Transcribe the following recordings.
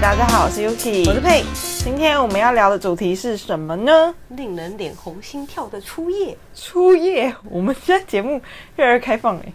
大家好，我是 Yuki 我是佩。今天我們要聊的主題是什麼呢？令人臉紅心跳的初夜。初夜，我們現在節目越來越開放哎、欸。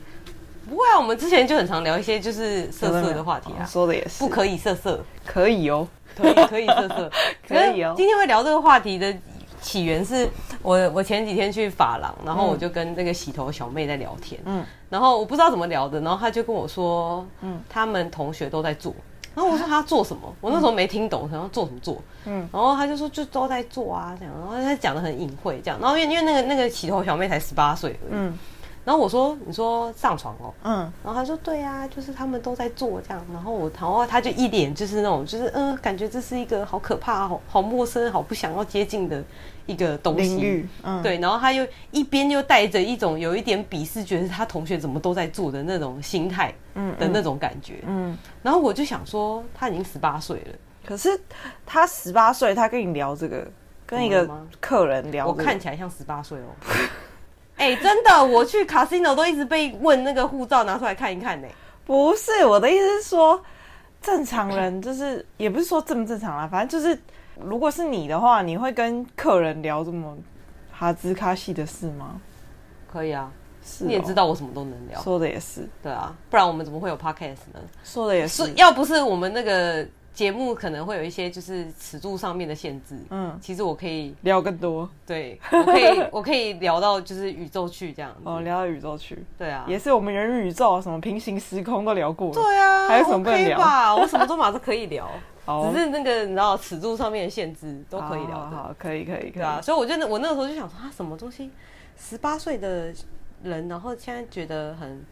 不會啊，我們之前就很常聊一些就是色色的話題啊。哦、說的也是，不可以色色。可以哦。可以,可以色色。 可以哦。今天會聊這個話題的起源是我，我我前幾天去髮廊、嗯，然後我就跟這個洗頭小妹在聊天。嗯。然後我不知道怎麼聊的，然後她就跟我說，嗯，他們同學都在做。 然後我說他做什麼？我那時候沒聽懂，嗯，然後做什麼做？嗯，然後他就說就都在做啊，這樣，然後他講得很隱晦，這樣，然後因為因為那個那個洗頭小妹才十八歲，嗯。然後我說：“你說上床哦。”嗯，然後他說：“對呀、啊，就是他們都在做這樣。”然後我，然後他就一臉就是那種，就是嗯、呃，感覺這是一個好可怕、好好陌生、好不想要接近的一個東西。領域嗯，對。然後他又一邊又帶着一種有一點鄙視覺，覺得他同學怎麼都在做的那種心態，嗯的那種感覺嗯。嗯。然後我就想說，他已經十八歲了。可是他十八歲，他跟你聊這個，跟一個客人聊、這個嗯，我看起來像十八歲哦。 哎、欸，真的，我去 casino 都一直被問那個護照拿出來看一看呢、欸。不是我的意思是說，正常人就是，也不是說正不正常啊，反正就是，如果是你的話，你會跟客人聊這麼哈茲卡西的事嗎？可以啊是、喔，你也知道我什麼都能聊。說的也是，對啊，不然我們怎麼會有 podcast 呢？說的也是，要不是我們那個節目可能會有一些就是尺度上面的限制，嗯，其實我可以聊更多，對，我可以 我可以聊到就是宇宙去這樣，哦，聊到宇宙去，對啊，也是我們人與宇宙什麼平行時空都聊過，對啊，還有什麼可以聊？Okay 吧？我什麼都嘛都可以聊， 只是那個你知道尺度上面的限制都可以聊，oh. 好，好，好，可以可以可以。可以啊，所以我就我那個時候就想說啊，什麼東西，十八歲的人，然後現在覺得很。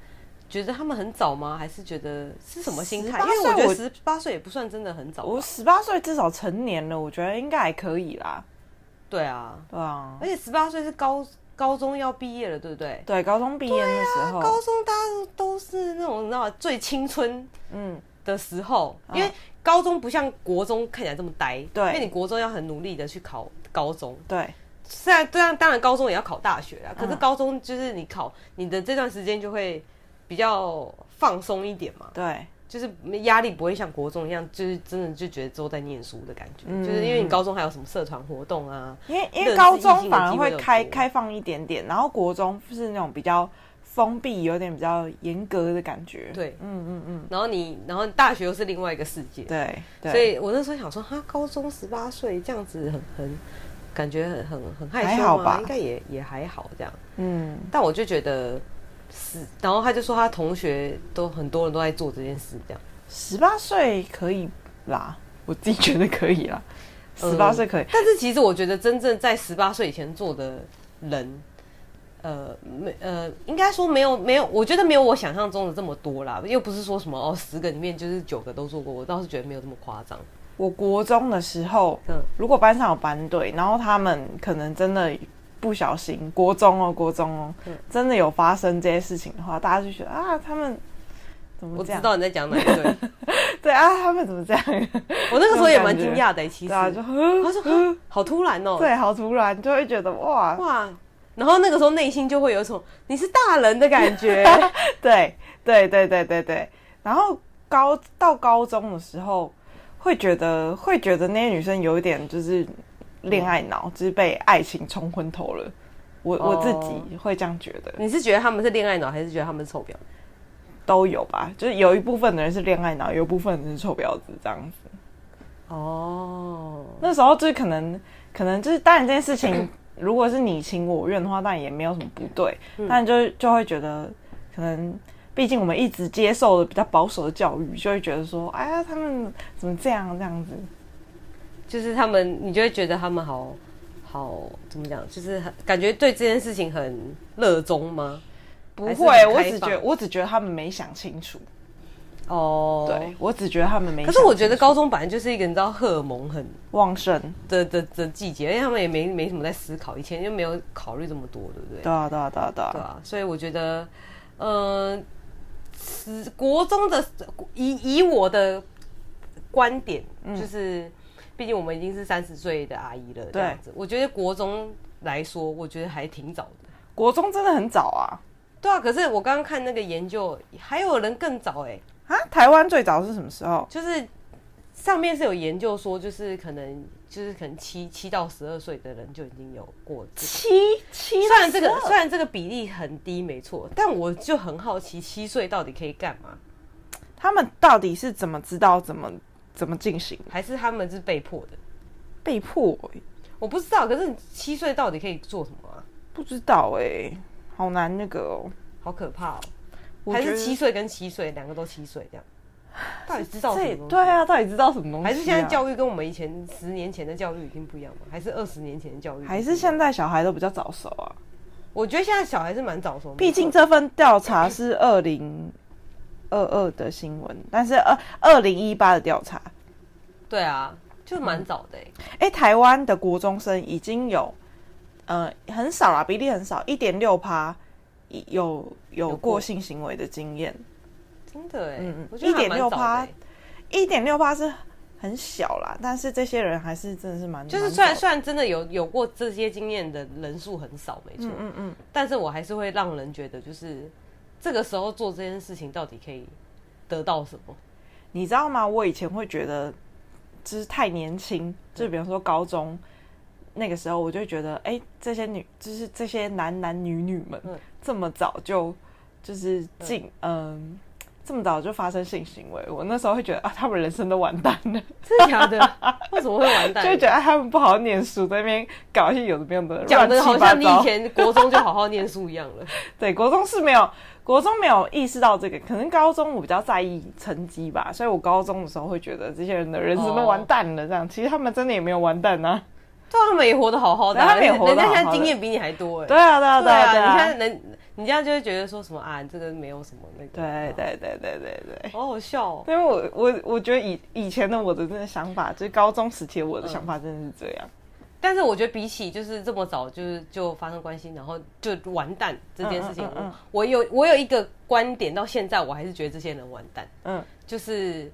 覺得他們很早嗎？還是覺得是什麼心態？因為我覺得十八歲也不算真的很早。我十八歲至少成年了，我覺得應該還可以啦。對啊，對啊。而且十八歲是高高中要畢業了，對不對？對，高中畢業的時候，高中大家都是那種你知道嗎最青春嗯的時候、嗯嗯，因為高中不像國中看起來這麼呆。對，因為你國中要很努力的去考高中。對。雖然雖然當然高中也要考大學啊、嗯，可是高中就是你考你的這段時間就會。比較放鬆一點嘛，對，就是壓力不會像國中一樣，就是真的就覺得都在念書的感覺，嗯、就是因為你高中還有什麼社團活動啊，因為因為高中反而會開開放一點點，然後國中就是那種比較封閉、有點比較嚴格的感覺，對，嗯嗯嗯，然後你然後大學又是另外一個世界，對，對所以我那時候想說，他、啊、高中十八歲這樣子很很感覺很很很害羞吧？應該也也還好這樣，嗯，但我就覺得。然後他就說他同學都很多人都在做這件事，這樣十八歲可以啦，我自己覺得可以啦，十八歲可以、呃。但是其實我覺得真正在十八歲以前做的人，呃，沒呃，應該說沒有沒有，我覺得沒有我想象中的這麼多啦，又不是說什麼哦，十個裡面就是九個都做過，我倒是覺得沒有這麼誇張。我國中的時候，嗯，如果班上有班對，然後他們可能真的。不小心，國中哦，國中哦、嗯，真的有發生這些事情的話，大家就覺得啊，他們怎麼這樣？我知道你在講哪一對， 對啊，他們怎麼這樣？我、哦、那個時候也蠻驚訝的，其實、啊、就呵呵他說好突然哦、喔，對，好突然，就會覺得哇哇，然後那個時候內心就會有一種你是大人的感覺 對，對對對對對對，然後高到高中的時候會覺得會覺得那些女生有一點就是。戀愛腦只、就是被愛情沖昏頭了，我、oh. 我自己會這樣覺得。你是覺得他們是戀愛腦，還是覺得他們是臭婊？都有吧，就是有一部分的人是戀愛腦，有一部分人是臭婊子這樣子。哦、oh.，那時候就是可能，可能就是當然這件事情 如果是你情我願的話，但也沒有什麼不對。嗯、但就就會覺得，可能畢竟我們一直接受的比較保守的教育，就會覺得說，哎呀，他們怎麼這樣這樣子。就是他們，你就會覺得他們好好怎麼講？就是很感覺對這件事情很熱衷嗎？不會，我只覺得我只覺得他們沒想清楚。哦、oh，對，我只覺得他們沒想清楚。可是我覺得高中本來就是一個你知道荷爾蒙很旺盛的的的季節，因為他們也沒沒什麼在思考，以前就沒有考慮這麼多，對不對？對啊，對啊，對啊，對啊。對啊，對啊，所以我覺得，嗯、呃，國中的以以我的觀點、嗯、就是。畢竟我們已經是三十歲的阿姨了，這樣子對，我覺得國中來說，我覺得還挺早的。國中真的很早啊，對啊。可是我剛剛看那個研究，還有人更早哎、欸、啊！台灣最早是什麼時候？就是上面是有研究說，就是可能就是可能七七到十二歲的人就已經有過、這個、七七十，雖然這個雖然這個比例很低，沒錯，但我就很好奇，七歲到底可以幹嘛？他們到底是怎麼知道怎麼？怎麼進行？還是他們是被迫的？被迫、欸？我不知道。可是七歲到底可以做什麼啊？不知道哎、欸，好難那個哦、喔，好可怕哦、喔！還是七歲跟七歲兩個都七歲這樣？到底知道什麼東西這？對啊，到底知道什麼東西、啊？還是現在教育跟我們以前十年前的教育已經不一樣了？還是二十年前的教育？還是現在小孩都比較早熟啊？我覺得現在小孩是蠻早熟的，畢竟這份調查是二零。二二的新聞，但是二二零一八的調查，對啊，就蠻早的哎、欸嗯欸。台灣的國中生已經有，呃，很少啦，比例很少，一點六趴有有過性行為的經驗，真的哎、欸，一點六趴，一點六趴是很小啦，但是這些人還是真的是蠻，就是算雖然雖然真的有有過這些經驗的人數很少，沒錯，嗯，嗯嗯，但是我還是會讓人覺得就是。這個時候做這件事情到底可以得到什麼？你知道嗎？我以前會覺得就是太年輕，就比方說高中、嗯、那個時候，我就覺得哎，這些女就是這些男男女女們、嗯、這麼早就就是進嗯、呃，這麼早就發生性行為，我那時候會覺得啊，他們人生都完蛋了。真的假的？ 為什麼會完蛋？就覺得、啊、他們不好好念書，在那邊搞一些有的沒有的。講的好像你以前國中就好好念書一樣了。 對，國中是沒有。國中沒有意識到這個，可能高中我比較在意成績吧，所以我高中的時候會覺得這些人的人生都完蛋了這樣、哦。其實他們真的也沒有完蛋啊，哦、好好啊對，他們也活得好好的，人家現在經驗比你還多誒、欸對，啊對，啊、對啊對啊對啊！對啊你看人，你這樣就會覺得說什麼啊，這個沒有什麼那個，對對對對對對，對，好、哦、好笑哦。因為我我我覺得以以前的我的這個想法，就是高中時期的我的想法真的是這樣。嗯但是我覺得比起就是這麼早就是就發生關係，然後就完蛋這件事情，嗯嗯嗯、我，我有我有一個觀點，到現在我還是覺得這些人完蛋。嗯，就是，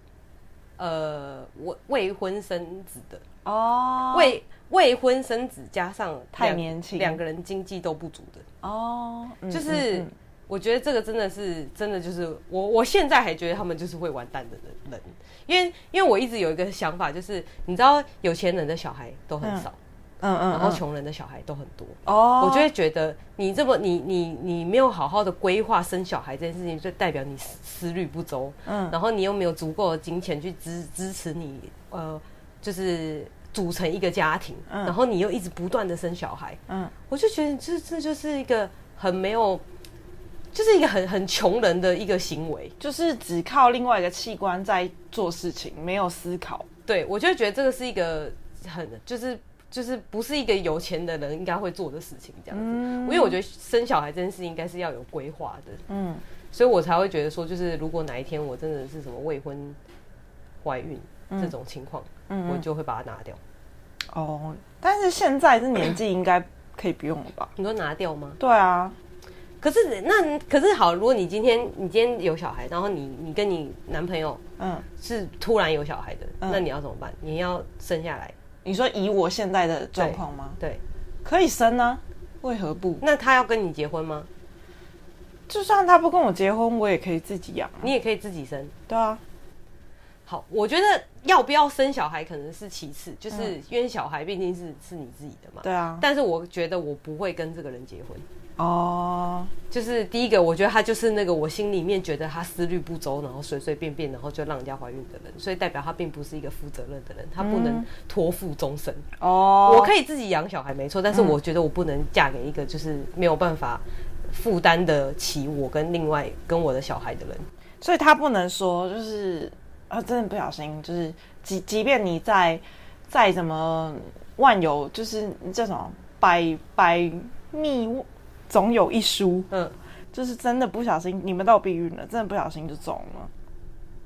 呃，未未婚生子的哦，未未婚生子加上太年輕，兩個人經濟都不足的哦、嗯，就是、嗯嗯、我覺得這個真的是真的就是我我現在還覺得他們就是會完蛋的人人，因為因為我一直有一個想法，就是你知道有錢人的小孩都很少。嗯嗯嗯，嗯，然後窮人的小孩都很多哦，oh. 我就會覺得你這麼你你你沒有好好的規劃生小孩這件事情，就代表你思慮不周。嗯，然後你又沒有足夠的金錢去支支持你呃，就是組成一個家庭，嗯，然後你又一直不斷的生小孩。嗯，我就覺得這這就是一個很沒有，就是一個很很窮人的一個行為，就是只靠另外一個器官在做事情，沒有思考。對，我就覺得這個是一個很就是。就是不是一個有錢的人應該會做的事情，這樣子，嗯。因為我覺得生小孩這件事應該是要有規劃的。嗯，所以我才會覺得說，就是如果哪一天我真的是什麼未婚懷孕這種情況，嗯嗯嗯，我就會把它拿掉。哦，但是現在這年紀應該可以不用了吧？ 你說拿掉嗎？對啊。可是那可是好，如果你今天你今天有小孩，然後你你跟你男朋友嗯是突然有小孩的、嗯，那你要怎麼辦？你要生下來。你說以我現在的狀況嗎？對，對，可以生啊，為何不？那他要跟你結婚嗎？就算他不跟我結婚，我也可以自己養啊，你也可以自己生。對啊，好，我覺得要不要生小孩可能是其次，就是冤小孩畢竟是、嗯、是你自己的嘛。對啊，但是我覺得我不會跟這個人結婚。哦、oh.，就是第一個，我覺得他就是那個，我心裡面覺得他思慮不周，然後隨隨便便，然後就讓人家懷孕的人，所以代表他並不是一個負責任的人，他不能托付終身。哦、oh.，我可以自己養小孩，沒錯，但是我覺得我不能嫁給一個就是沒有辦法負擔得起我跟另外跟我的小孩的人，所以他不能說就是啊，真的不小心，就是即即便你在再怎麼萬有，就是你叫什麼百百密。By, by, me, 總有一輸，嗯，就是真的不小心，你們都有避孕了，真的不小心就中了。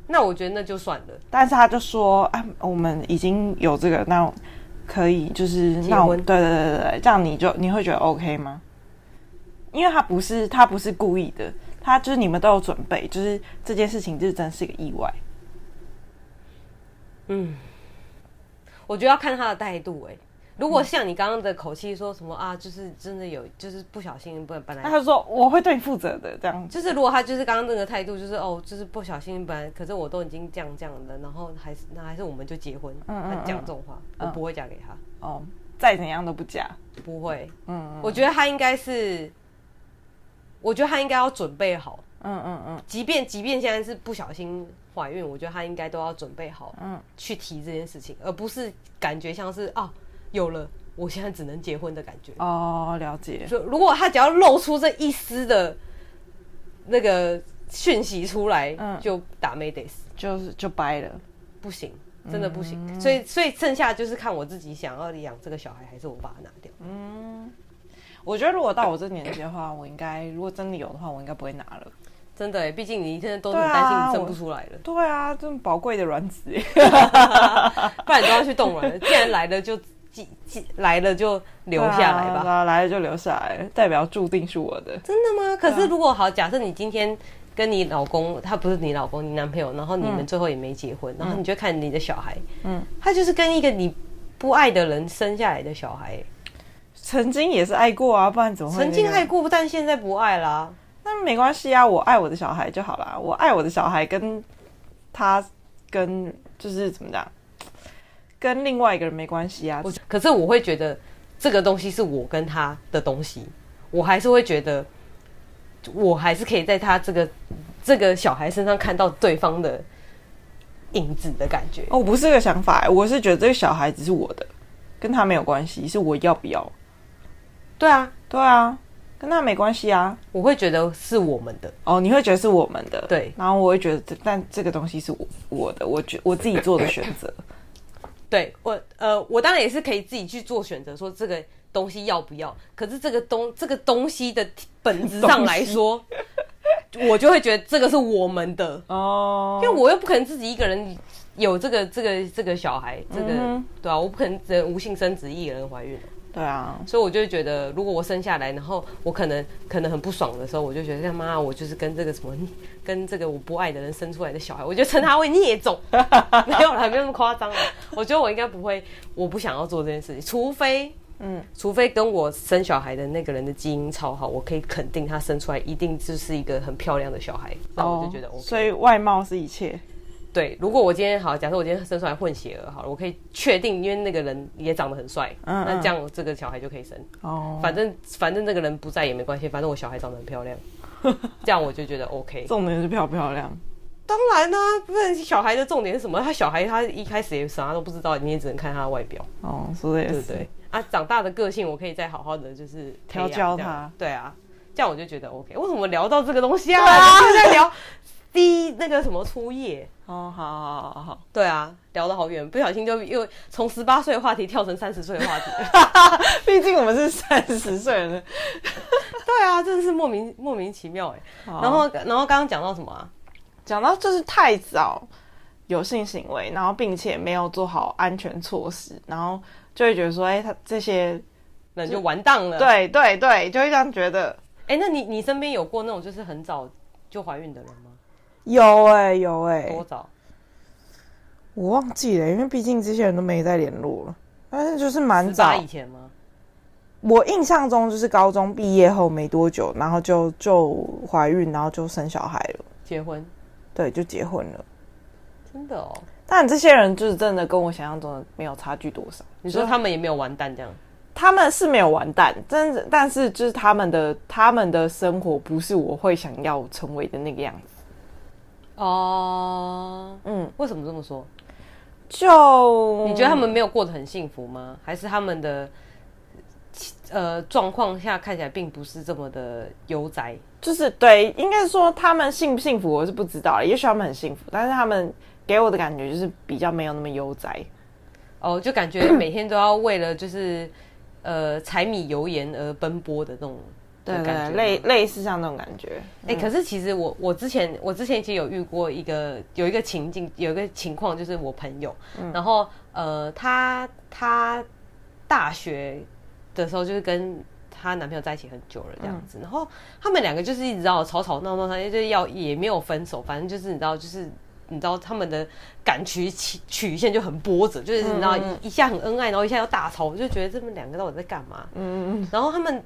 那我覺得那就算了。但是他就說：“啊，我們已經有這個，那我可以，就是那對對對對對，這樣你就你會覺得 OK 嗎？因為他不是他不是故意的，他就是你們都有準備，就是這件事情就是真是一個意外。嗯，我覺得要看他的態度哎、欸。”如果像你剛剛的口氣說什麼啊，就是真的有，就是不小心本本來，他就說我會對你負責的，這樣就是如果他就是剛剛那個態度，就是哦，就是不小心本來，可是我都已經這樣這樣了，然後還是那還是我們就結婚，嗯，他講這種話，我不會嫁給他哦，再怎樣都不嫁，不會，嗯，我覺得他應該是，我覺得他應該要準備好，嗯嗯嗯，即便即便現在是不小心懷孕，我覺得他應該都要準備好，嗯，去提這件事情，而不是感覺像是哦。有了，我現在只能結婚的感覺。哦，了解。就如果他只要露出這一絲的，那個訊息出來，嗯、就打 Mayday，就是就掰了，不行，真的不行，嗯。所以，所以剩下就是看我自己想要養這個小孩，還是我把它拿掉。嗯，我覺得如果到我這年紀的話， 我應該如果真的有的話，我應該不會拿了。真的，欸，畢竟你現在都很擔心你生不出來了。對啊，這麼寶貴的卵子， 不然你都要去凍卵了。既然來了，就。既來了就留下來吧，啊啊、來了就留下來，代表注定是我的。真的嗎？可是如果好，假設你今天跟你老公、啊，他不是你老公，你男朋友，然後你們最後也沒結婚，嗯，然後你就看你的小孩，嗯，他就是跟一個你不愛的人生下來的小孩，嗯，小孩曾經也是愛過啊，不然怎麼會？曾經愛過，但現在不愛啦。那沒關係啊，我愛我的小孩就好啦。我愛我的小孩，跟他跟就是怎麼講跟另外一個人沒關係啊！可是我會覺得這個東西是我跟他的東西，我還是會覺得，我還是可以在他這個這個小孩身上看到對方的影子的感覺。哦，不是這個想法，我是覺得這個小孩子是我的，跟他沒有關係，是我要不要？對啊，對啊，跟他沒關係啊！我會覺得是我們的哦，你會覺得是我們的對，然後我會覺得這，但這個東西是我我的，我覺得我自己做的選擇。對我，呃，我當然也是可以自己去做選擇，說這個東西要不要。可是這個東這個東西的本質上來說， 我就會覺得這個是我們的哦，因為我又不可能自己一個人有這個這個這個小孩，這個、嗯、對啊，我不可能，只能無性生殖一個人懷孕。對啊，所以我就會覺得，如果我生下來，然後我可能可能很不爽的時候，我就覺得，媽，我就是跟這個什麼跟這個我不愛的人生出來的小孩，我就稱他為孽種。 沒有了，沒有那麼誇張了。我覺得我應該不會，我不想要做這件事情。除非，嗯，除非跟我生小孩的那個人的基因超好，我可以肯定他生出來一定就是一個很漂亮的小孩。那、哦、我就覺得、OK，所以外貌是一切。對，如果我今天好，假設我今天生出來混血兒好了，我可以確定，因為那個人也長得很帥，那、嗯嗯、這樣我這個小孩就可以生。哦，反正反正那個人不在也沒關係，反正我小孩長得很漂亮。 這樣我就覺得 OK，重點是漂不漂亮？當然呢、啊，不是小孩的重點是什麼？他小孩他一開始也啥都不知道，你也只能看他的外表哦。說的也是。對對對啊，長大的個性我可以再好好的就是調、啊、教他。對啊，這樣我就覺得 OK。為什麼聊到這個東西啊？在聊、啊。 第一，那個什麼初夜哦，好，好，好，好，好，對啊，聊得好遠，不小心就又從十八歲的話題跳成三十歲的話題， 畢竟我們是三十歲了， 對啊，真的是莫名莫名其妙哎。然後，然後剛剛講到什麼啊？講到就是太早有性行為，然後並且沒有做好安全措施，然後就會覺得說，哎、欸，他這些人就，就完蛋了，對對對，就會這樣覺得。哎、欸，那你你身邊有過那種就是很早就懷孕的人嗎？有哎、欸，有哎、欸，多早？我忘記了，因為畢竟這些人都沒再聯絡了。但是就是蠻早以前嗎？我印象中就是高中畢業後沒多久，然後就就懷孕，然後就生小孩了，結婚。對，就結婚了。真的哦。但這些人就是真的跟我想象中的沒有差距多少。你說他們也沒有完蛋這樣？他們是沒有完蛋，真的，但是就是他們的他們的生活不是我會想要成為的那個樣子。哦，嗯，為什麼這麼說？就你覺得他們沒有過得很幸福嗎？還是他們的呃狀況下看起來並不是這麼的悠哉？就是對，應該說他們幸不幸福，我是不知道。也許他們很幸福，但是他們給我的感覺就是比較沒有那麼悠哉。哦，就感覺每天都要為了就是 呃，柴米油鹽而奔波的那種。對類類似像那種感覺。哎、欸，嗯、可是其實我我之前我之前其實有遇過一個有一個情境，有一個情況，就是我朋友，嗯、然後呃，他他大學的時候就是跟他男朋友在一起很久了，這樣子。嗯、然後他們兩個就是一直鬧吵吵鬧鬧，他就是要也沒有分手，反正就是你知道，就是你知道他們的感情曲曲線就很波折，就是你知道一下很恩愛，然後一下又大吵，我就覺得這麼兩個到底在幹嘛？嗯嗯嗯。然後他們。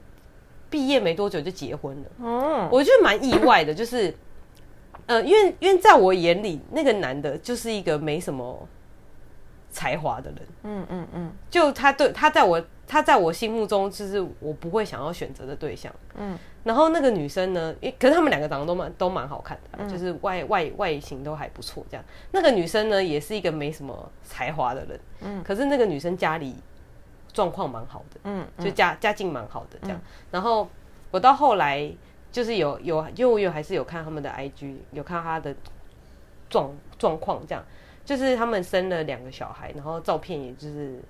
畢業沒多久就結婚了，嗯，我覺得蠻意外的。就是，呃，因為因為在我眼裡，那個男的就是一個沒什麼才華的人。嗯嗯嗯，就他對他在我他在我心目中就是我不會想要選擇的對象。嗯，然後那個女生呢，因、欸，可是他們兩個長得都蠻都蠻好看的、啊嗯，就是外外外形都還不錯。這樣，那個女生呢，也是一個沒什麼才華的人。嗯，可是那個女生家裡，狀況蠻好的，嗯，嗯就家家境蠻好的這樣、嗯。然後我到後來就是有有，因為我有還是有看他們的 IG，有看他的狀狀況這樣。就是他們生了兩個小孩，然後照片也就是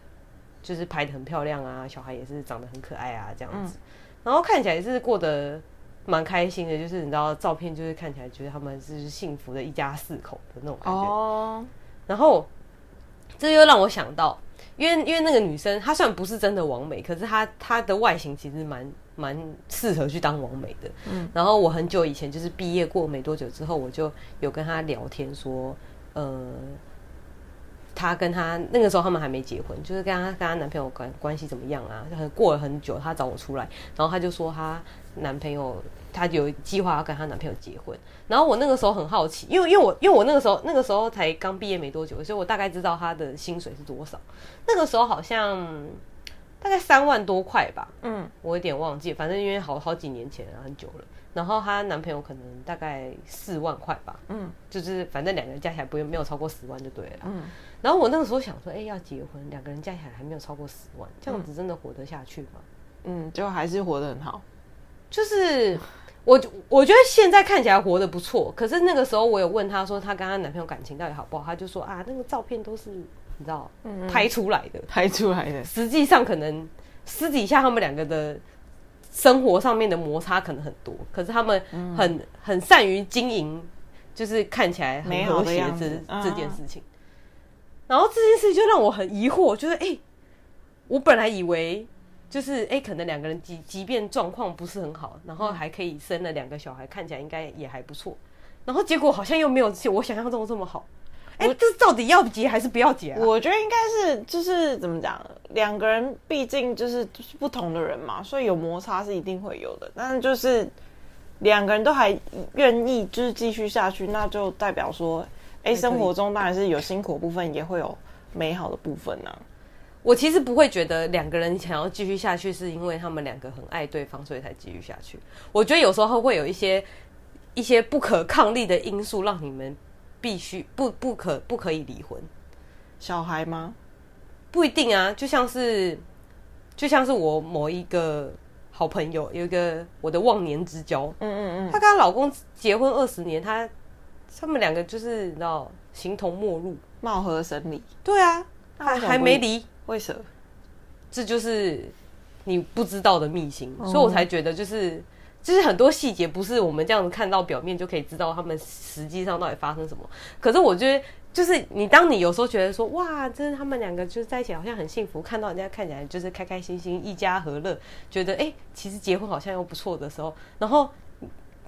就是拍得很漂亮啊，小孩也是長得很可愛啊這樣子。嗯、然後看起來也是過得蠻開心的，就是你知道照片就是看起來覺得他們是幸福的一家四口的那種感覺。哦，然後這又讓我想到。因為因為那個女生她雖然不是真的網美，可是她她的外形其實蠻蠻適合去當網美的。嗯，然後我很久以前就是畢業過沒多久之後，我就有跟她聊天說，呃。她跟她那個時候他們還沒結婚，就是跟她跟她男朋友關關係怎麼樣啊？很過了很久，她找我出來，然後她就說她男朋友，她有計劃要跟她男朋友結婚，然後我那個時候很好奇，因為因為我因為我那個時候那個時候才剛畢業沒多久，所以我大概知道她的薪水是多少。那個時候好像。大概三萬多塊吧，嗯，我有點忘記，反正因為好好幾年前很久了。然後她男朋友可能大概四萬塊吧，嗯，就是反正兩個人加起來不用，沒有超過十萬就對了，嗯。然後我那個時候想說，哎、欸，要結婚兩個人加起來還沒有超過十萬，這樣子真的活得下去嗎？嗯，就還是活得很好。就是我我覺得現在看起來活得不錯，可是那個時候我有問她說，她跟她男朋友感情到底好不好，她就說啊，那個照片都是。你知道嗯嗯，拍出來的，拍出來的。實際上，可能私底下他們兩個的生活上面的摩擦可能很多，可是他們很、嗯、很善於經營，就是看起來很和諧這的、啊、這件事情。然後這件事情就讓我很疑惑，覺得哎，我本來以為就是哎、欸，可能兩個人即即便狀況不是很好，然後還可以生了兩個小孩，看起來應該也還不錯。然後結果好像又沒有我想象中的這麼好。哎，這到底要結還是不要結啊？我覺得應該是，就是怎麼講，兩個人畢竟就是就是不同的人嘛，所以有摩擦是一定會有的。但是就是兩個人都還願意，就是繼續下去，那就代表說，哎，生活中當然是有辛苦的部分，哎，也會有美好的部分啊。我其實不會覺得兩個人想要繼續下去，是因為他們兩個很愛對方，所以才繼續下去。我覺得有時候會有一些一些不可抗力的因素讓你們。必須不不可不可以離婚，小孩嗎？不一定啊，就像是就像是我某一個好朋友，有一個我的忘年之交，嗯嗯嗯，她跟她老公結婚二十年，她他，他們兩個就是你知道形同陌路、貌合神離，對啊，還還沒離，為什麼？這就是你不知道的秘辛，嗯，所以我才覺得就是，就是很多細節，不是我們這樣子看到表面就可以知道他們實際上到底發生什麼。可是我覺得，就是你當你有時候覺得說，哇，真他們兩個就是在一起好像很幸福，看到人家看起來就是開開心心，一家和樂，覺得誒、欸，其實結婚好像又不錯的時候，然後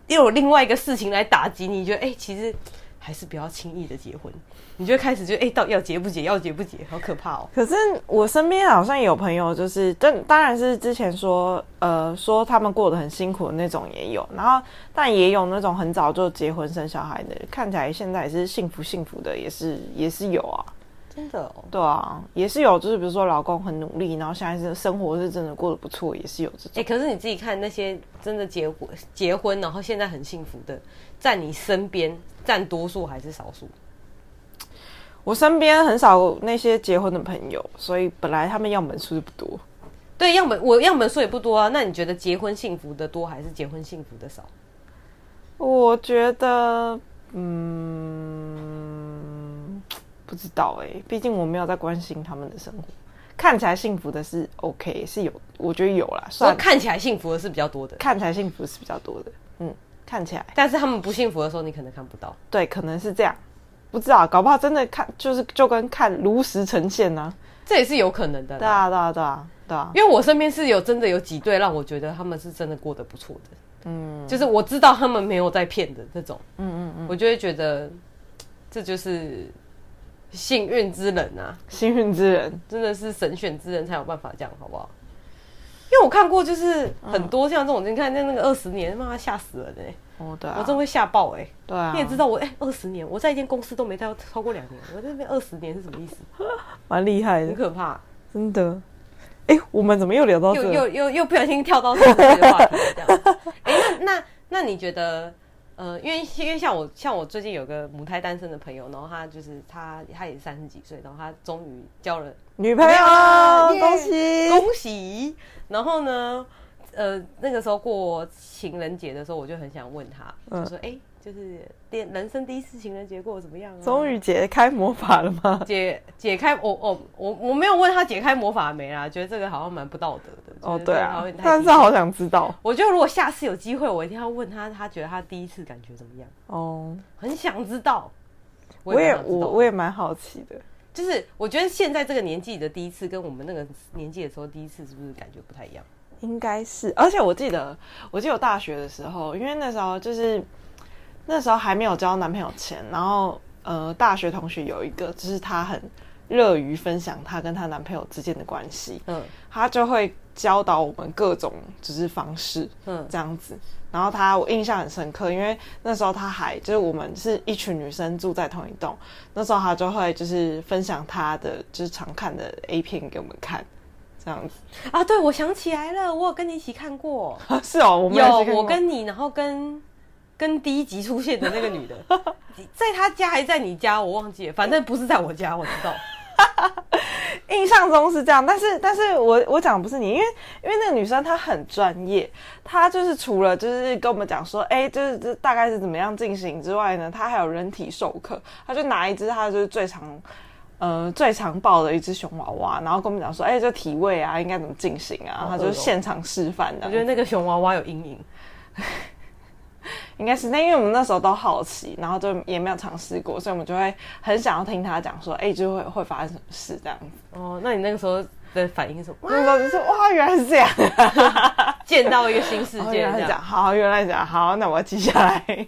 又有另外一個事情來打擊你，覺得誒、欸，其實。還是不要輕易的結婚，你就得開始就哎、欸、到要結不結要結不結，好可怕哦。可是我身邊好像有朋友、就是，就是但當然是之前說呃說他們過得很辛苦的那種也有，然後但也有那種很早就結婚生小孩的，看起來現在也是幸福幸福的，也是也是有啊。真的、哦，對啊，也是有，就是比如說老公很努力，然後現在是生活是真的過得不錯，也是有這種。欸、可是你自己看那些真的結婚結婚，然後現在很幸福的，在你身邊占多數還是少數？我身邊很少那些結婚的朋友，所以本來他們樣本數就不多。對，樣本我樣本數也不多啊。那你覺得結婚幸福的多還是結婚幸福的少？我覺得，嗯。不知道哎、欸，畢竟我沒有在關心他們的生活。看起來幸福的是 OK，是有我覺得有啦，算了看起來幸福的是比較多的，看起來幸福是比較多的，嗯，看起來。但是他們不幸福的時候，你可能看不到。對，可能是這樣，不知道，搞不好真的看就是就跟看如實呈現呢、啊，這也是有可能的。對啊，對啊，對啊，對啊，因為我身邊是有真的有幾對讓我覺得他們是真的過得不錯的，嗯，就是我知道他們沒有在騙的這種，嗯嗯嗯，我就會覺得這就是。幸運之人啊，幸運之人真的是神選之人才有辦法這樣，好不好？因為我看過，就是很多像這種、嗯、你看那那個二十年，媽媽嚇死人哎、欸！哦對啊，我真的會嚇爆哎、欸！對啊，你也知道我哎，二、欸、十年我在一間公司都沒待超過兩年，我在那邊二十年是什麼意思？蠻厲害的，很可怕，真的。哎、欸，我們怎麼又聊到這又又又又不小心跳到這個話題？哎、 欸，那那那你覺得？呃，因為因為像我像我最近有個母胎單身的朋友，然後他就是他他也三十幾歲，然後他終於交了女朋友，okay, 啊、恭喜恭喜！然後呢，呃，那個時候過情人節的時候，我就很想問他，嗯、就說哎。欸就是第人生第一次情人節過得怎麼樣啊？終於解開魔法了嗎？解解開、哦哦、我我我我沒有問他解開魔法沒啦，覺得這個好像蠻不道德的哦，對啊，但是好想知道。我覺得如果下次有機會，我一定要問他，他覺得他第一次感覺怎麼樣？哦，很想知道。我也我也我，我也蠻好奇的，就是我覺得現在這個年紀的第一次，跟我們那個年紀的時候第一次，是不是感覺不太一樣？應該是，而且我記得，我記得我大學的時候，因為那時候就是。那時候還沒有交男朋友前，然後呃，大學同學有一個，就是她很樂於分享她跟她男朋友之間的關係，嗯，她就會教導我們各種就是方式，嗯，這樣子。然後她我印象很深刻，因為那時候她還就是我們是一群女生住在同一棟，那時候她就會就是分享她的就是常看的 A 片給我們看，這樣子。啊，對，我想起來了，我有跟你一起看過 是哦，我有，有我跟你，然後跟。跟第一集出現的那個女的，在她家還是在你家？我忘記了，反正不是在我家，我知道。 印象中是這樣，但是但是我，我我講的不是你，因為因為那個女生她很專業，她就是除了就是跟我們講說，哎、欸，就是就大概是怎麼樣進行之外呢，她還有人體授課，她就拿一只她就是最常呃最常抱的一只熊娃娃，然後跟我們講說，哎、欸，這體位啊應該怎麼進行啊，她就是現場示範的、啊哦，我覺得那個熊娃娃有陰影。應該是，那因為我們那時候都好奇，然後就也沒有嘗試過，所以我們就會很想要聽他講說，哎，就會會發生什麼事這樣子。哦，那你那個時候的反應是什麼？哇，那個時候就說，哇，原來是這樣， 見到一個新世界。哦，原來是這樣。原來是這樣。好，原來是這樣。好，那我記下來。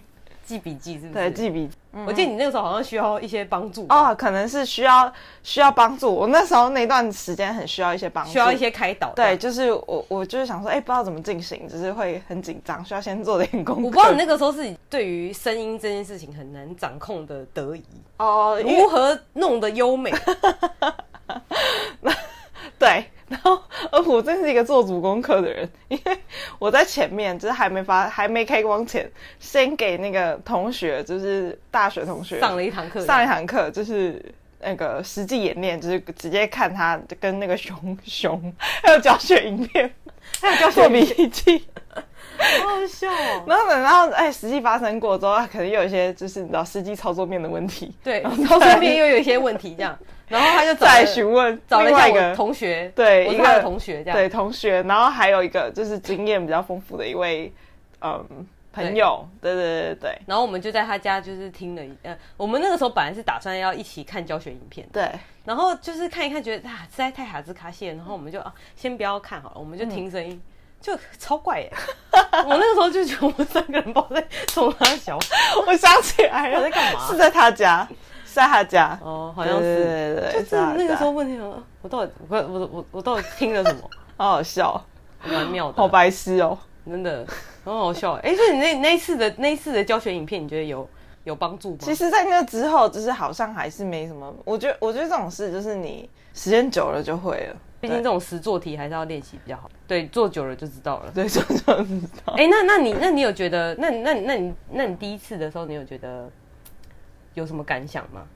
記筆記是，不是對，記筆記。我記得你那個時候好像需要一些幫助哦，可能是需要需要幫助。我那時候那段時間很需要一些幫助，需要一些開導。對，就是我我就是想說，哎、欸，不知道怎麼進行，只是會很緊張，需要先做點功課。我不知道你那個時候是對於聲音這件事情很難掌控的得宜。哦、呃，如何弄得優美 ？對。 然後，我真是一個做足功課的人，因為我在前面就是還沒發，還沒開光前，先給那個同學，就是大學同學上了一堂課，上一堂課就是那個實際演練，就是直接看他跟那個熊熊，還有教學影片， 還有教學筆記。 好，好笑、喔，然後等到，哎，實際發生過之後，可能又有一些就是你知道老司機操作面的問題，對，操作面又有一些問題這樣，然後他就 再詢問一，找了下一個同學，對，一個同學這樣，對，同學，然後還有一個就是經驗比較豐富的一位嗯朋友對，對對對對，然後我們就在他家就是聽了一，呃，我們那個時候本來是打算要一起看教學影片，對，然後就是看一看，覺得啊實在太卡茲卡線，然後我們就、嗯、啊先不要看好了，我們就聽聲音。嗯就超怪耶、欸！ 我那個時候就覺得我們三個人抱在從他的腳， 我想起來了，他在幹嘛？是在他家，在他家哦，好像是對對，對對對，就是那個時候問題了。我到底我我我我，我到底聽了什麼？ 好好笑，蠻妙的，好白痴哦、喔，真的很好笑、欸。哎、 欸，所以你那那次的那次的教學影片，你覺得有有幫助嗎？其實，在那之後，就是好像還是沒什麼。我覺得我覺得這種事，就是你時間久了就會了。畢竟這種實作題還是要練習比較好。對，做久了就知道了。對，做久了知道。哎、欸，那那你那你有覺得？那那那你那你，那你第一次的時候，你有覺得有什麼感想嗎？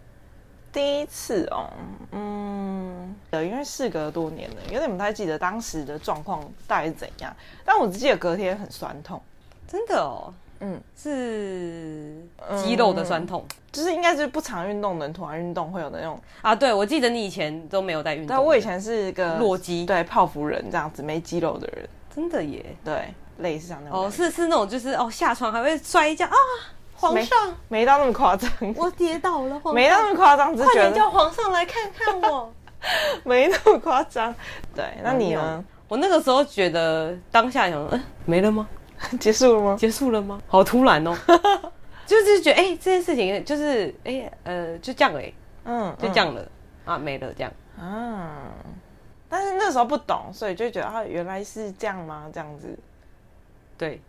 第一次哦，嗯，對，因為事隔多年了，有點不太記得當時的狀況大概是怎樣。但我只記得隔天很酸痛，真的哦，嗯，是。肌肉的酸痛，嗯，就是應該是不常運動的人，能突然運動會有那種啊？對，我記得你以前都沒有在運動。但我以前是個裸肌，對泡芙人這樣子，沒肌肉的人，真的耶。對，類似像那種哦，是是那種就是哦，下床還會摔一跤啊，皇皇上，沒到那麼誇張。我跌倒了，沒到那麼誇張，快點叫皇上來看看我。 沒那麼誇張，對。那你呢，嗯？我那個時候覺得當下想，嗯、欸，沒了嗎？結束了嗎？結束了嗎？好突然哦。 就，就是覺得哎、欸，這件事情就是哎、欸、呃，就這樣哎、欸，嗯，就這樣了、嗯、啊，沒了這樣。嗯，但是那時候不懂，所以就覺得啊，原來是這樣嗎？這樣子，對，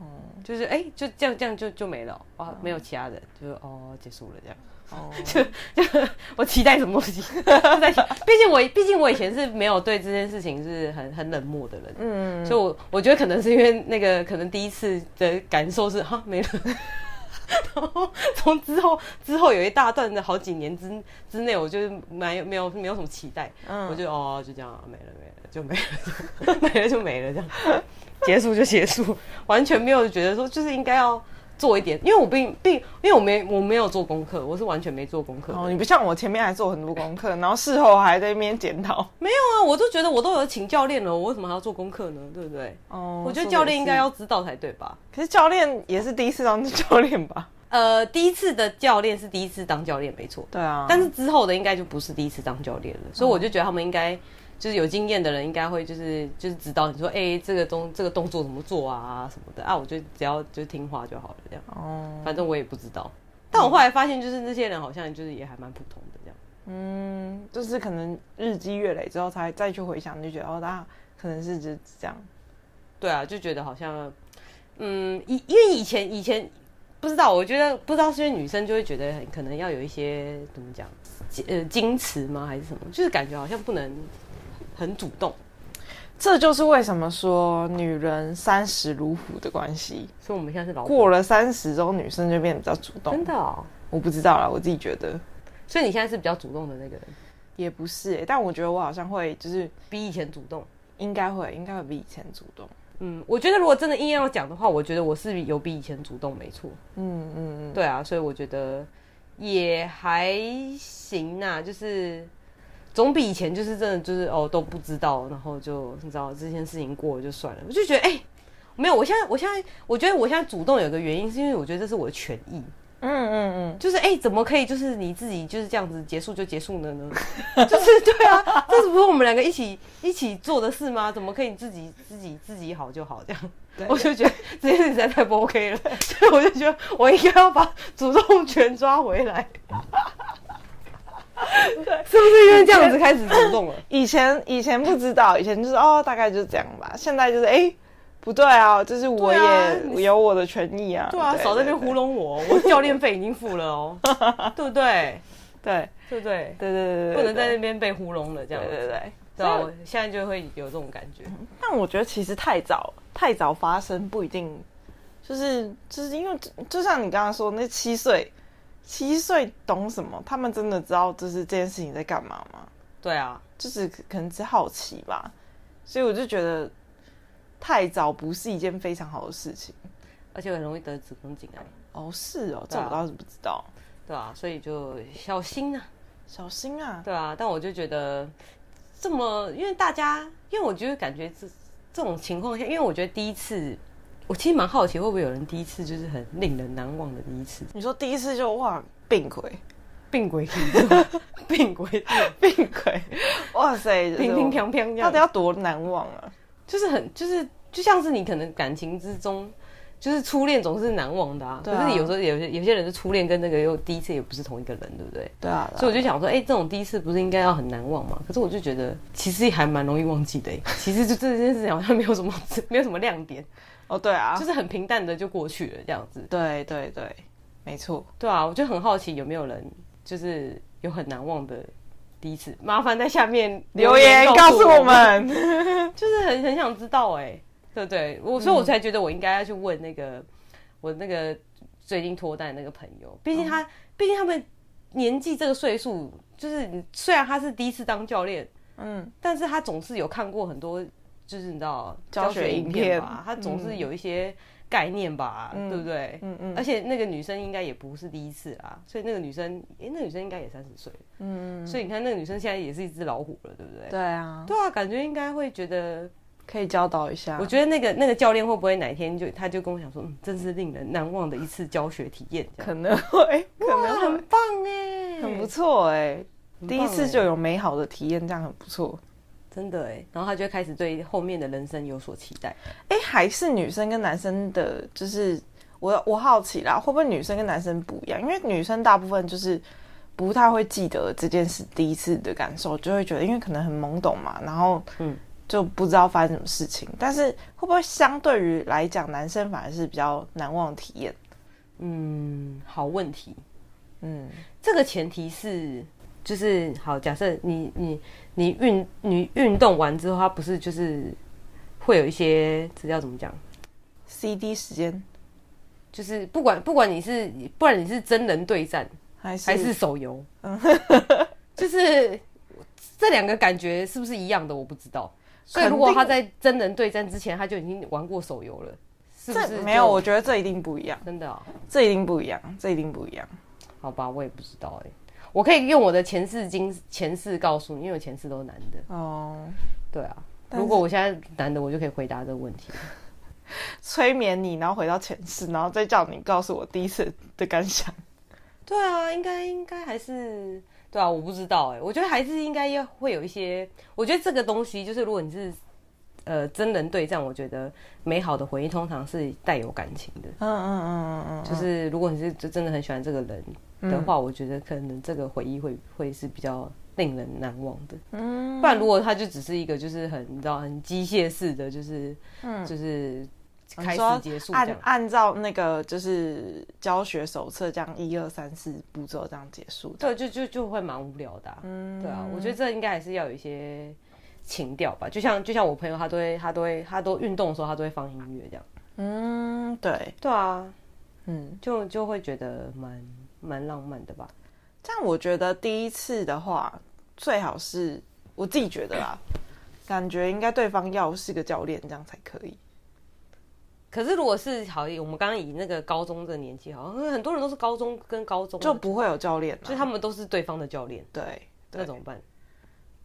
嗯、就是哎、欸，就這樣，這樣就就沒了哦、啊嗯。沒有其他的，就哦，結束了這樣。哦， 就就我期待什麼東西？ 畢竟我，畢竟我以前是沒有對這件事情是很很冷漠的人，嗯，所以我我覺得可能是因為那個可能第一次的感受是啊，沒了。 然後從之後之後有一大段的好幾年之之內，我就蠻沒有沒有,沒有什麼期待，嗯，我就哦就這樣沒了,沒了,沒了沒了就沒了沒了就沒了這樣， 結束就結束， 完全沒有覺得說就是應該要。做一點，因為我並並因為我沒我沒有做功課，我是完全沒做功課。哦，你不像我前面還做很多功課，然後事後還在那邊檢討。沒有啊，我就覺得我都有請教練了，我為什麼還要做功課呢？對不對？哦，我覺得教練應該要知道才對吧？可是教練也是第一次當教練吧？呃，第一次的教練是第一次當教練，沒錯。對啊。但是之後的應該就不是第一次當教練了，嗯，所以我就覺得他們應該。就是有經驗的人應該會、就是，就是就是指導你說，哎、欸，這個動這個動作怎麼做啊什麼的啊，我就只要就是聽話就好了這樣。哦，反正我也不知道。但我後來發現，就是那些人好像就是也還蠻普通的這樣。嗯，就是可能日積月累之後，才再去回想，就覺得哦，那可能是就是這樣。對啊，就覺得好像，嗯，因因為以前以前不知道，我覺得不知道，是因為女生就會覺得很可能要有一些怎麼講，呃，矜持嗎還是什麼，就是感覺好像不能。很主動，這就是為什麼說女人三十如虎的關係。所以我們現在是老過了三十，之後女生就變得比較主動。哦、真的、哦，我不知道啦，我自己覺得。所以你現在是比較主動的那個人，也不是、欸，但我覺得我好像會就是比以前主動，應該會，應該會比以前主動。嗯，我覺得如果真的硬要講的話，我覺得我是有比以前主動，沒錯。嗯嗯嗯，對啊，所以我覺得也還行吶、啊，就是。總比以前就是真的就是哦都不知道，然後就你知道這件事情過了就算了。我就覺得哎、欸，沒有，我現在我現在我覺得我現在主動有個原因，是因為我覺得這是我的權益。嗯嗯嗯，就是哎、欸，怎麼可以就是你自己就是這樣子結束就結束了呢？ 就是對啊，這不是我們兩個一起一起做的事嗎？怎麼可以自己自己自己好就好這樣，對？我就覺得這件事實在太不 OK 了，所以我就覺得我應該要把主動權抓回來。 是不是因為這樣子開始主動了？以前以前不知道，以前就是哦，大概就是這樣吧。現在就是哎、欸，不對啊，就是我也有我的權益啊。對啊，對對對對啊對對對，少在那邊糊弄我、哦， 我教練費已經付了哦， 對不對，對？對對對對對，不能在那邊被糊弄了，這樣對不對，對，對，對，對，對，對，對，對？所以然後現在就會有這種感覺、嗯。但我覺得其實太早，太早發生不一定，就是就是因為就像你剛剛說那七歲。七歲懂什麼？他們真的知道就是這件事情在幹嘛嗎？對啊，就是可能只好奇吧。所以我就覺得太早不是一件非常好的事情，而且很容易得子宮頸癌。哦，是哦，這我倒是不知道對啊，對啊，所以就小心啊，小心啊。對啊，但我就覺得這麼，因為大家，因為我覺得感覺這這種情況下，因為我覺得第一次。我其實蠻好奇，會不會有人第一次就是很令人難忘的第一次？你說第一次就哇，病鬼，病鬼，病鬼， 病鬼，病鬼，哇塞，平平平平，到底要多難忘啊！就是很，就是就像是你可能感情之中，就是初戀總是難忘的啊。對啊。可是有時候有些有些人是初戀跟那個又第一次也不是同一個人，對不對？對啊。對啊，對啊。所以我就想說，哎、欸，這種第一次不是應該要很難忘嗎？可是我就覺得，其實還蠻容易忘記的、欸。 其實就這件事情好像沒有什麼沒有什麼亮點。哦、oh，對啊，就是很平淡的就過去了，這樣子。對對對，沒錯。對啊，我就很好奇有沒有人就是有很難忘的第一次，麻煩在下面留言告訴我，告訴我們， 就是很很想知道哎、欸，對不對我、嗯？所以我才覺得我應該要去問那個我那個最近脫單的那個朋友，畢竟他、嗯、畢竟他們年紀這個歲數，就是雖然他是第一次當教練，嗯，但是他總是有看過很多。就是你知道教學影片吧，它、嗯、總是有一些概念吧，嗯、對不對？嗯嗯。而且那個女生應該也不是第一次啦。所以那個女生，哎、欸，那女生應該也三十歲，嗯。所以你看，那個女生現在也是一隻老虎了，對不對？對啊，對啊，感覺應該會覺得可以教導一下。我覺得那個那個教練會不會哪一天就他就跟我講說，嗯，真是令人難忘的一次教學體驗。可能會，可能很棒哎，很不錯哎，第一次就有美好的體驗，這樣很不錯。真的哎，然後他就開始對後面的人生有所期待。哎、欸，還是女生跟男生的，就是我我好奇啦，會不會女生跟男生不一樣？因為女生大部分就是不太會記得這件事，第一次的感受，就會覺得因為可能很懵懂嘛，然後嗯，就不知道發生什麼事情。嗯、但是會不會相對於來講，男生反而是比較難忘的體驗？嗯，好問題。嗯，這個前提是。就是好，假設你你你運你運動完之後，它不是就是會有一些這叫怎麼講？CD 時間就是不管不管你是不然你是真人對戰還是，還是手遊，嗯、 就是這兩個感覺是不是一樣的？我不知道。所以如果他在真人對戰之前他就已經玩過手遊了，是不是？沒有，我覺得這一定不一樣，真的、喔，這一定不一樣，這一定不一樣。好吧，我也不知道哎、欸。我可以用我的前世經前世告訴你，因為我前世都是男的哦。對啊，如果我現在男的，我就可以回答這個問題，催眠你，然後回到前世，然後再叫你告訴我第一次的感想。對啊，應該應該還是對啊，我不知道哎，我覺得還是應該要會有一些。我覺得這個東西就是，如果你是呃真人對戰，我覺得美好的回憶通常是帶有感情的。嗯嗯，嗯嗯嗯嗯嗯，就是如果你是就真的很喜歡這個人。的話，我覺得可能這個回憶會、嗯、會是比較令人難忘的。嗯，不然如果他就只是一個就是很你知道很機械式的，就是嗯，就是開始結束，按按照那個就是教學手冊這樣一二三四步驟這樣結束這樣，對，就就就會蠻無聊的、啊。嗯，對啊，我覺得這應該還是要有一些情調吧。就像就像我朋友他都會他都會他都運動的時候他都會放音樂這樣。嗯，對，嗯、對啊，嗯，就就會覺得蠻。蠻浪漫的吧？這樣我覺得第一次的話，最好是我自己覺得啦， 感覺應該對方要是個教練，這樣才可以。可是如果是好，我們剛剛以那個高中這個年紀，好像很多人都是高中跟高中，就不會有教練，所以他們都是對方的教練。對，那怎麼辦？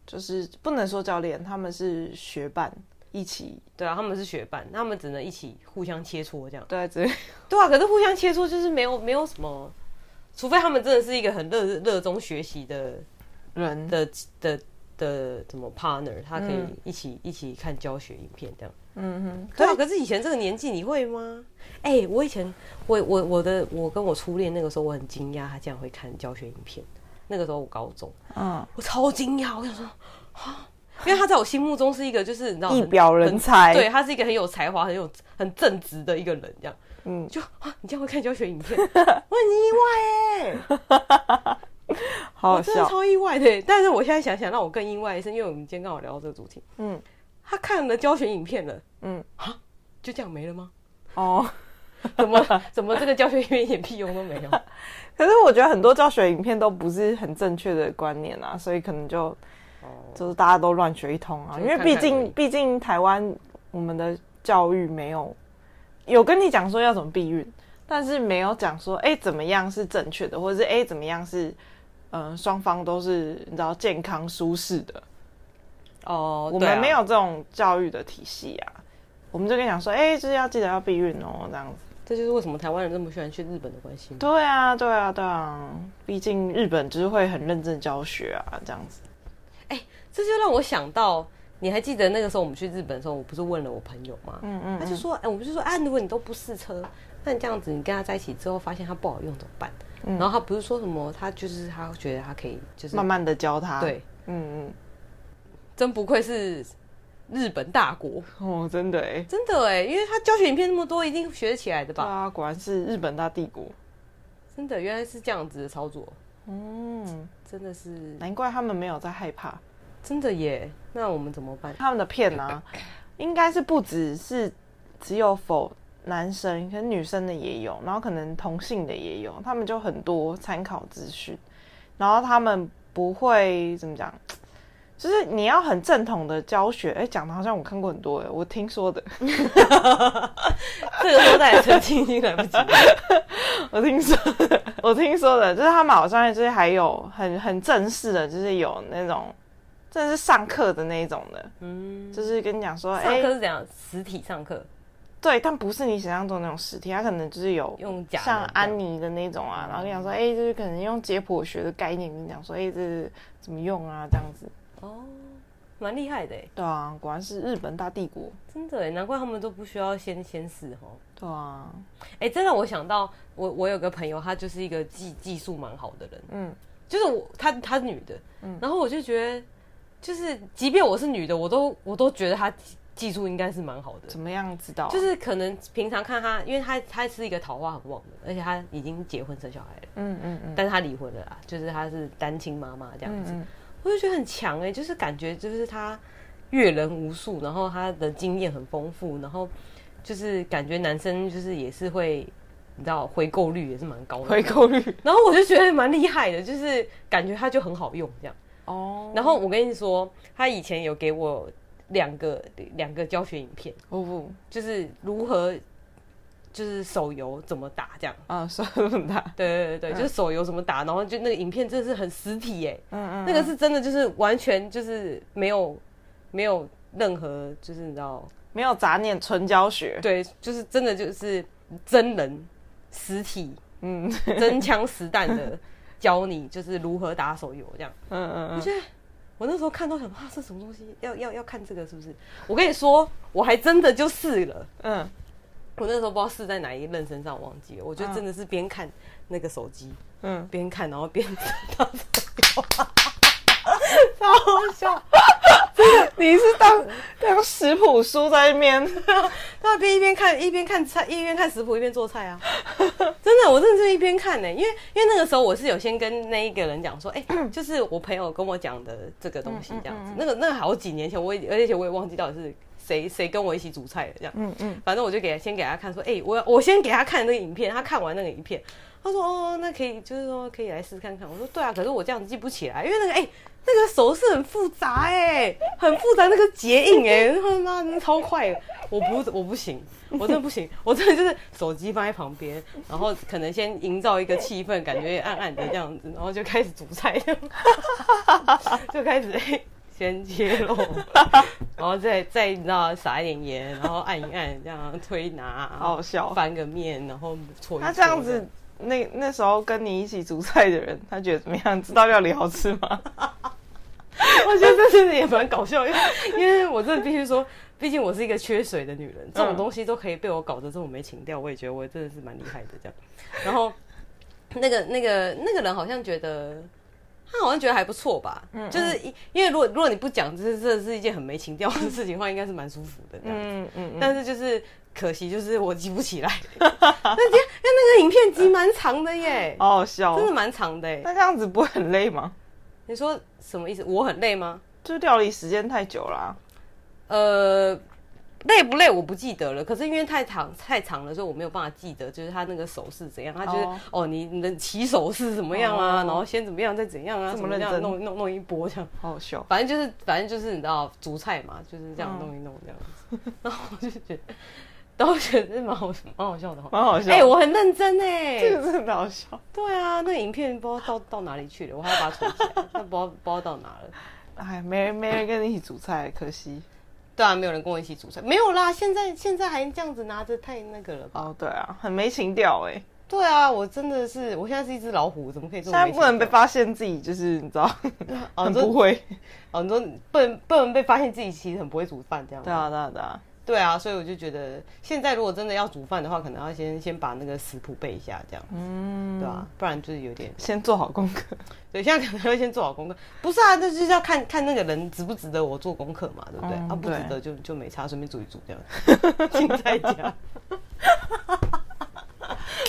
就是不能說教練，他們是學伴一起。對啊，他們是學伴，他們只能一起互相切磋這樣。對，對。對啊，可是互相切磋就是沒有，沒有什麼。除非他們真的是一個很熱熱衷學習的人的的的，的怎麼 partner，他可以一起、嗯、一起看教學影片這樣。嗯哼，可對可是以前這個年紀你會嗎？哎、欸，我以前我我我的我跟我初戀那個時候我很驚訝，他竟然會看教學影片。那個時候我高中，啊、嗯，我超驚訝，我想說，啊，因為他在我心目中是一個就是你知道一表人才，對，他是一個很有才華很有很正直的一個人這樣。嗯，就啊，你這樣會看教學影片， 我很意外哎， 好，好笑，哦、真的超意外的。但是我現在想想，讓我更意外的是，因為我們今天剛好聊到這個主題，嗯，他看了教學影片了，嗯，啊，就這樣沒了嗎？哦， 怎麼怎麼這個教學影片一點屁用都沒有？ 可是我覺得很多教學影片都不是很正確的觀念啊，所以可能就、嗯、就是大家都亂學一通啊，就是、看看，因為畢竟畢竟台灣我們的教育沒有。有跟你講說要怎麼避孕，但是沒有講說哎、欸、怎麼樣是正確的，或者是哎、欸、怎麼樣是嗯、呃、雙方都是你知道健康舒適的哦，oh, 我們沒有這種教育的體系啊，啊，我們就跟你講說哎、欸、就是要記得要避孕哦，這樣子。這就是為什麼台灣人這麼喜歡去日本的關係。對啊，對啊，對啊，畢竟日本就是會很認真教學啊這樣子，哎、欸，這就讓我想到。你還記得那個時候我們去日本的時候，我不是問了我朋友嗎？嗯嗯，他就說，哎、欸，我不是說，哎、啊，如果你都不試車，那你這樣子，你跟他在一起之後發現他不好用怎麼辦、嗯？然後他不是說什麼，他就是他覺得他可以，就是慢慢的教他。對，嗯嗯，真不愧是日本大國哦，真的哎、欸，真的哎、欸，因為他教學影片那麼多，一定學得起來的吧？啊，果然是日本大帝國，真的原來是這樣子的操作，嗯，真的是，難怪他們沒有在害怕。真的耶？那我們怎麼辦？他們的片呢、啊？應該是不只是只有否男生，跟女生的也有，然後可能同性的也有。他們就很多參考資訊，然後他們不會怎麼講，就是你要很正統的教學。哎、欸，講的好像我看過很多，哎，我聽說的。這個後在澄清已經來不及。我聽說的，我聽說的就是他們好像就是還有很很正式的，就是有那種。這是上課的那一種的，嗯，就是跟你講說，哎，上課是怎樣？欸、實體上課？對，但不是你想象中那種實體，他可能就是有用假像安妮的那種啊，然後跟你講說，哎、欸，就是可能用解剖學的概念跟你講說，哎、欸，這是怎麼用啊？這樣子，哦，蠻厲害的哎，對啊，果然是日本大帝國，真的哎，難怪他們都不需要先先試齁，對啊，哎、欸，真的，我想到我我有個朋友，她就是一個技技術蠻好的人，嗯，就是我她她是女的，嗯，然後我就覺得。就是，即便我是女的，我都我都覺得她技術應該是蠻好的。怎麼樣知道啊？就是可能平常看她，因為她她是一個桃花很旺的，而且她已經結婚生小孩了。嗯嗯嗯。但是她離婚了啦，就是她是單親媽媽這樣子。嗯嗯，我就覺得很強哎、欸，就是感覺就是她閱人無數，然後她的經驗很豐富，然後就是感覺男生就是也是會，你知道回購率也是蠻高的回購率，然後我就覺得蠻厲害的，就是感覺她就很好用這樣。哦、oh.，然後我跟你說，他以前有給我兩個兩個教學影片。哦不，就是如何就是手遊怎麼打這樣啊？Uh, 手遊怎麼打？對對對、嗯、就是手遊怎麼打？然後就那個影片真的是很實體哎、欸，嗯嗯，嗯嗯，那個是真的，就是完全就是沒有沒有任何就是你知道沒有雜念，純教學，對，就是真的就是真人實體，嗯，真槍實彈的。 教你就是如何打手遊這樣，嗯嗯,嗯，我覺得我那時候看都想啊，這什麼東西要，要要要看這個是不是？我跟你說，我還真的就試了，嗯,嗯，嗯，我那時候不知道試在哪一任身上我忘記了，我覺得真的是邊看那個手機，嗯，邊看然後邊打手遊，超好笑的，你是當。像食譜書在那邊，他 邊一邊看一邊看菜，一邊看食譜一邊做菜啊！ 真的，我真的是一邊看呢、欸，因為因為那個時候我是有先跟那一個人講說，哎、欸，就是我朋友跟我講的這個東西這樣子，嗯嗯嗯，那個那個好幾年前，我也而且我也忘記到底是誰誰跟我一起煮菜了這樣，嗯嗯，反正我就給他先給他看說，哎、欸，我我先給他看那個影片，他看完那個影片，他說哦，那可以，就是說可以來試試看看，我說對啊，可是我這樣子記不起來，因為那個哎。欸那個手勢很複雜哎、欸，很複雜那個結印哎、欸，他媽、那個、超快的，我不我不行，我真的不行，我真的就是手機放在旁邊，然後可能先營造一個氣氛，感覺暗暗的這樣子，然後就開始煮菜， 就開始先切嘍，然後再再你知道撒一點鹽，然後按一按這樣推拿，好笑，翻個面然後搓一下它這樣子。那那時候跟你一起煮菜的人，他覺得怎麼樣？知道料理好吃嗎？ 我覺得這真的也蠻搞笑，因為因為我真的必須說，畢竟我是一個缺水的女人，這種東西都可以被我搞得這麼沒情調，我也覺得我真的是蠻厲害的這樣。然後那個那個那個人好像覺得。他好像覺得還不錯吧、嗯，就是因為如果如果你不講、就是，這是是一件很沒情調的事情的話， 應該是蠻舒服的、嗯嗯，但是就是 可惜，就是我記不起來。那 那 那個影片集蠻長的耶，哦，好笑，真的蠻長的耶。那這樣子不會很累嗎？你說什麼意思？我很累嗎？就調離時間太久了。啊。呃。累不累？我不記得了。可是因為太長太長了，所以我沒有辦法記得，就是他那個手勢怎樣？他就是、oh. 哦，你你的起手勢怎麼樣啊？Oh. Oh. 然後先怎麼樣，再怎樣啊？這麼認真。什麼這樣弄弄弄一波這樣。好,好笑。反正就是反正就是你知道，煮菜嘛，就是這樣弄一弄這樣子。Oh. 然後我就覺得，都覺得是蠻好蠻好,好,好笑的，蠻好笑。哎，我很認真哎，這個真的很好笑？對啊，那影片不知道到到哪裡去了，我還要把它存起來， 不知道不知道到哪了。哎，沒人沒人跟你一起煮菜，可惜。當然、啊、沒有人跟我一起煮菜，沒有啦。現在現在還這樣子拿着，太那個了吧？哦，對啊，很沒情調哎、欸。對啊，我真的是，我現在是一隻老虎，怎麼可以這麼？現在不能被發現自己就是你知道，哦、 很不會，很多、哦、不能不能被發現自己其實很不會煮飯這樣。對啊對啊對啊。對啊對啊，所以我就覺得現在如果真的要煮飯的話，可能要先先把那個食譜背一下，這樣子，嗯，對吧、啊？不然就是有點先做好功課。對，現在可能要先做好功課。不是啊，那就是要看看那個人值不值得我做功課嘛，對不對？嗯、啊，不值得就就，就沒差，隨便煮一煮這樣。盡、嗯、在家，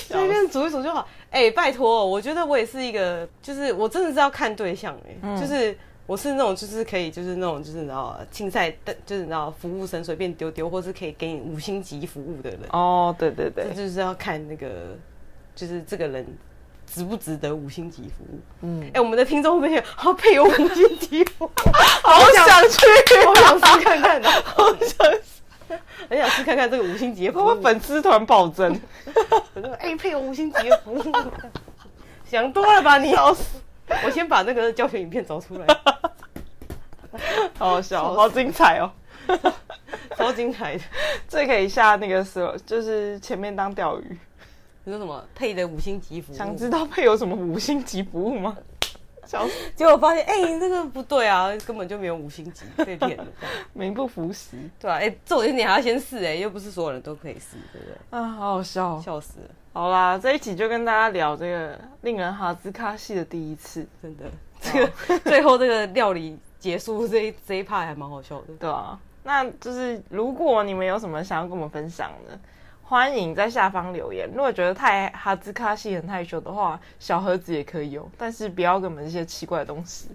隨 便 煮一煮就好。哎，拜託、哦，我覺得我也是一個，就是我真的是要看對象哎、欸嗯，就是。我是那種就是可以就是那種就是你知道，青菜就是你知道服務生隨便丟丟，或是可以給你五星級服務的人哦，對對對，就是要看那個就是這個人值不值得五星級服務。嗯，哎、欸，我們的聽眾朋友會不會好配有五星級服務， 好想，好想去啊，我想去看看吶，好想， 很想去看看這個五星級服務，會不會粉絲團暴增，哎、 欸、配有五星級服務， 想多了吧，你老師。 我先把那個教學影片找出來， 好,好笑、喔，好精彩哦、喔， 超精彩的，這可以下那個是，就是前面當釣魚，你說什麼配的五星級服務？想知道配有什麼五星級服務嗎？笑,笑死！結果我發現，哎、欸，那個不對啊，根本就沒有五星級被騙名不符實，對啊哎，重、欸、點你還要先試、欸，哎，又不是所有人都可以試的，啊，好好笑，笑死了。好啦，這一期就跟大家聊這個令人哈茲卡西的第一次，真的，這個 最後這個料理結束這這一 part 還蠻好笑的，對啊，那就是如果你們有什麼想要跟我們分享的，歡迎在下方留言。如果覺得太哈茲卡西很害羞的話，小盒子也可以有、哦，但是不要給我們這些奇怪的東西。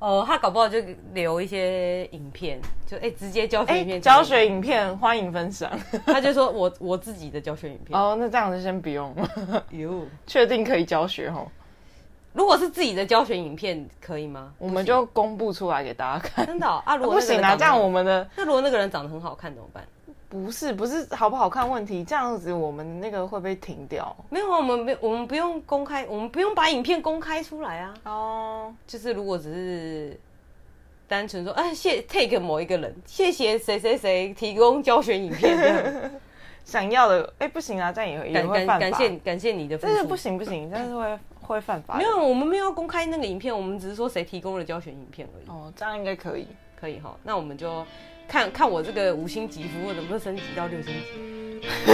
呃，他搞不好就留一些影片，就哎、欸，直接教學影片、欸，教學影片歡迎分享。 他就說我我自己的教學影片。哦，那這樣子先不用了。有，確定可以教學哈？ 如果是自己的教學影片可以嗎？我們就公布出來給大家看。真的啊？如果那、啊、不行啊，這樣我們的那如果那個人長得很好看怎麼辦？不是不是好不好看問題，這樣子我們那個會不會停掉？沒有，我們沒有我們不用公開，我們不用把影片公開出來啊。哦、oh.，就是如果只是單純說，哎、啊，謝 take 某一個人，謝謝誰誰誰提供教學影片， 想要的，哎、欸，不行啊，這樣也，也會犯法。感，感謝感謝你的，真的不行不行，這樣是會 會犯法。沒有，我們沒有公開那個影片，我們只是說誰提供了教學影片而已。哦、oh,，這樣應該可以，可以哈，那我們就。看看我這個五星級服務怎麼升級到六星級？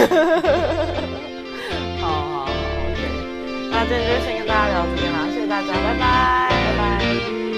好好好，OK，那今天就先跟大家聊到這邊啦，謝謝大家，拜拜， 拜拜。